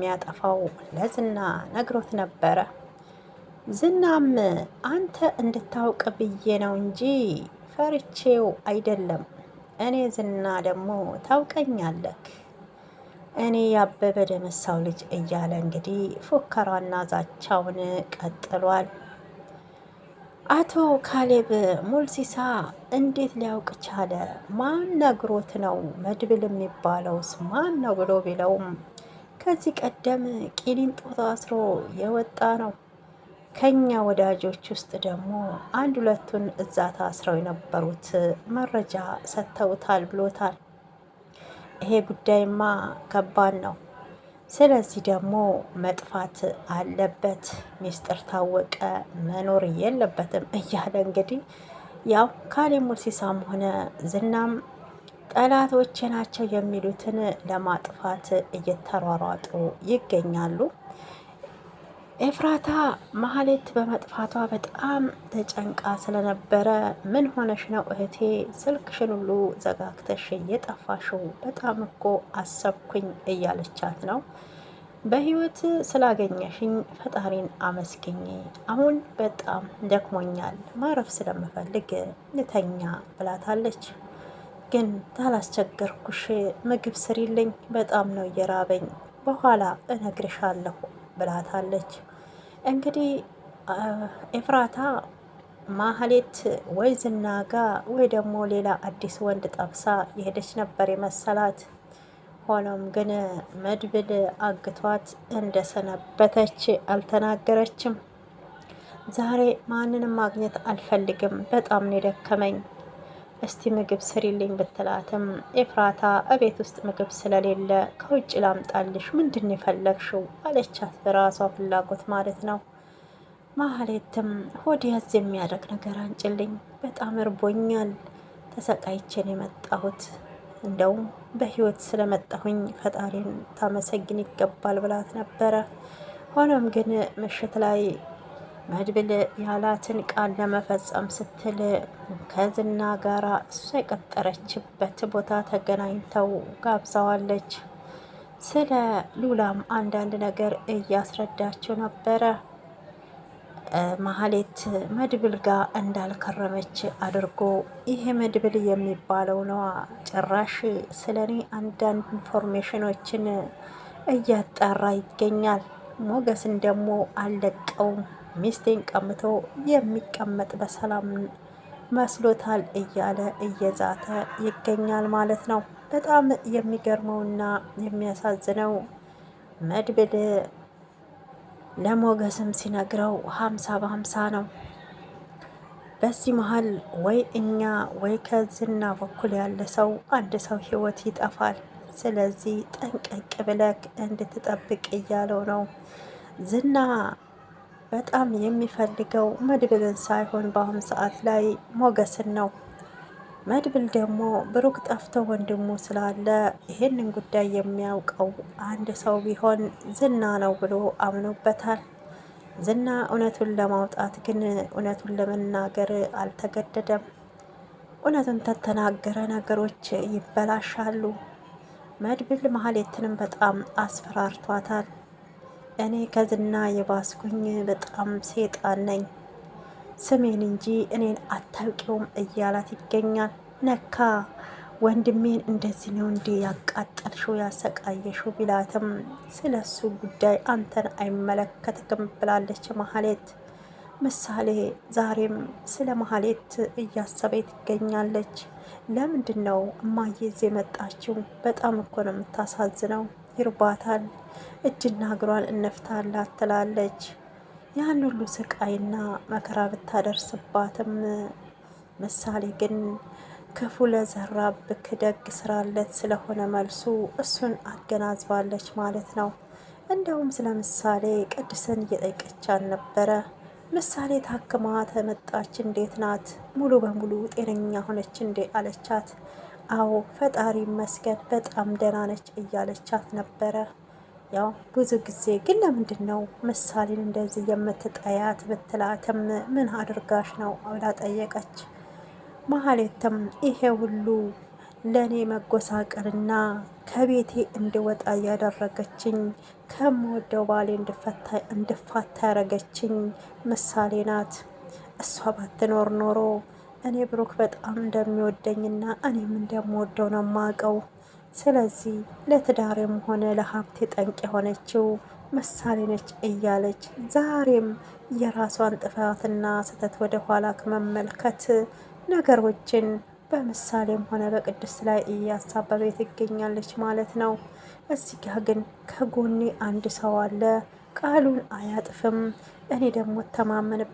የሚያጠፋው ለዝና ነግሮት ነበረ። ዝናም አንተ እንድታውቅ ብዬ ነው እንጂ ፈርቼው አይደለም። እኔ ዝና ደግሞ ታውቀኛለህ፣ እኔ ያበበ ደመሳው ልጅ እያለ እንግዲህ ፉከራና ዛቻውን ቀጥሏል። አቶ ካሌብ ሙልሲሳ እንዴት ሊያውቅ ቻለ? ማን ነግሮት ነው? መድብል የሚባለውስ ማን ነው ብሎ ቢለውም ከዚህ ቀደም ቂሊንጦ ታስሮ የወጣ ነው። ከኛ ወዳጆች ውስጥ ደግሞ አንድ ሁለቱን እዛ ታስረው የነበሩት መረጃ ሰጥተውታል ብሎታል። ይሄ ጉዳይማ ከባድ ነው። ስለዚህ ደግሞ መጥፋት አለበት፣ ሚስጥር ታወቀ መኖር የለበትም እያለ እንግዲህ ያው ካሌ ሙልሲሳም ሆነ ዝናም ጠላቶች ናቸው የሚሉትን ለማጥፋት እየተሯሯጡ ይገኛሉ። ኤፍራታ ማህሌት በመጥፋቷ በጣም ተጨንቃ ስለነበረ ምን ሆነሽ ነው እህቴ? ስልክሽን ሁሉ ዘጋግተሽ የጠፋሽው በጣም እኮ አሰብኩኝ እያለቻት ነው። በህይወት ስላገኘሽኝ ፈጣሪን አመስግኝ። አሁን በጣም ደክሞኛል፣ ማረፍ ስለምፈልግ ልተኛ ብላታለች። ግን ታላስቸገርኩሽ ምግብ ስሪልኝ፣ በጣም ነው እየራበኝ፣ በኋላ እነግርሻለሁ ብላታለች። እንግዲህ ኤፍራታ ማህሌት ወይ ዝና ጋ ወይ ደግሞ ሌላ አዲስ ወንድ ጠብሳ የሄደች ነበር የመሰላት። ሆኖም ግን መድብል አግቷት እንደሰነበተች አልተናገረችም። ዛሬ ማንንም ማግኘት አልፈልግም፣ በጣም ነው የደከመኝ እስቲ ምግብ ስሪልኝ ብትላትም ኤፍራታ እቤት ውስጥ ምግብ ስለሌለ ከውጭ ላምጣልሽ፣ ምንድን የፈለግሽው አለቻት። በራሷ ፍላጎት ማለት ነው። ማህሌትም ሆድ ያዝ የሚያደርግ ነገር አንጭልኝ፣ በጣም እርቦኛል፣ ተሰቃይቼን የመጣሁት እንደውም በህይወት ስለመጣሁኝ ፈጣሪን ታመሰግን ይገባል ብላት ነበረ። ሆኖም ግን ምሽት ላይ መድብል ያላትን ቃል ለመፈጸም ስትል ከዝና ጋራ እሷ የቀጠረችበት ቦታ ተገናኝተው ጋብዛዋለች። ስለ ሉላም አንዳንድ ነገር እያስረዳቸው ነበረ። ማህሌት መድብል ጋር እንዳልከረመች አድርጎ ይሄ መድብል የሚባለው ነዋ ጭራሽ ስለ እኔ አንዳንድ ኢንፎርሜሽኖችን እያጣራ ይገኛል ሞገስን ደግሞ አልለቀውም። ሚስቴን ቀምቶ የሚቀመጥ በሰላም መስሎታል እያለ እየዛተ ይገኛል ማለት ነው። በጣም የሚገርመውና የሚያሳዝነው መድብል ለሞገስም ሲነግረው ሀምሳ በሀምሳ ነው። በዚህ መሀል ወይ እኛ ወይ ከዝና በኩል ያለ ሰው አንድ ሰው ህይወት ይጠፋል። ስለዚህ ጠንቀቅ ብለክ እንድትጠብቅ እያለው ነው። ዝና በጣም የሚፈልገው መድብልን ሳይሆን በአሁኑ ሰዓት ላይ ሞገስን ነው። መድብል ደግሞ ብሩክ ጠፍቶ ወንድሙ ስላለ ይህንን ጉዳይ የሚያውቀው አንድ ሰው ቢሆን ዝና ነው ብሎ አምኖበታል። ዝና እውነቱን ለማውጣት ግን እውነቱን ለመናገር አልተገደደም። እውነቱን ተተናገረ ነገሮች ይበላሻሉ። መድብል ማህሌትንም በጣም አስፈራርቷታል። እኔ ከዝና የባስኩኝ በጣም ሴጣን ነኝ፣ ስሜን እንጂ እኔን አታውቂውም እያላት ይገኛል። ነካ ወንድሜን እንደዚህ ነው እንዴ ያቃጠልሽው ያሰቃየሽው ቢላትም ስለ ጉዳይ አንተን አይመለከትክም ብላለች ማህሌት። ምሳሌ ዛሬም ስለ ማህሌት እያሰበ ትገኛለች። ለምንድን ነው እማዬዝ የመጣችው? በጣም እኮ ነው የምታሳዝነው። ይርባታል፣ እጅና እግሯን እነፍታላት ትላለች። ያን ሁሉ ስቃይና መከራ ብታደርስባትም ምሳሌ ግን ክፉ ለዘራብክ ደግ ስራለት ስለሆነ መልሱ እሱን አገናዝባለች ማለት ነው። እንደውም ስለ ምሳሌ ቅድስን እየጠየቀች ነበረ። ምሳሌ ታክማ ተመጣች። እንዴት ናት? ሙሉ በሙሉ ጤነኛ ሆነች እንዴ? አለቻት። አዎ ፈጣሪ ይመስገን በጣም ደህና ነች እያለቻት ነበረ። ያው ብዙ ጊዜ ግን ለምንድን ነው ምሳሌን እንደዚህ የምትጠያት ብትላትም ምን አድርጋሽ ነው ብላ ጠየቀች። መሀሌትም ይሄ ሁሉ ለእኔ መጎሳቀልና ከቤቴ እንድወጣ እያደረገችኝ ከምወደው ባሌ እንድፋታ ያደረገችኝ ምሳሌ ናት። እሷ ባትኖር ኖሮ እኔ ብሩክ በጣም እንደሚወደኝና እኔም እንደምወደው ነው የማውቀው። ስለዚህ ለትዳሬም ሆነ ለሀብቴ ጠንቅ የሆነችው ምሳሌ ነች እያለች ዛሬም የራሷን ጥፋትና ስህተት ወደ ኋላ ከመመልከት ነገሮችን በምሳሌም ሆነ በቅድስት ላይ እያሳበበ ትገኛለች ማለት ነው። እዚህ ጋ ግን ከጎኔ አንድ ሰው አለ፣ ቃሉን አያጥፍም፣ እኔ ደግሞ ተማመንበት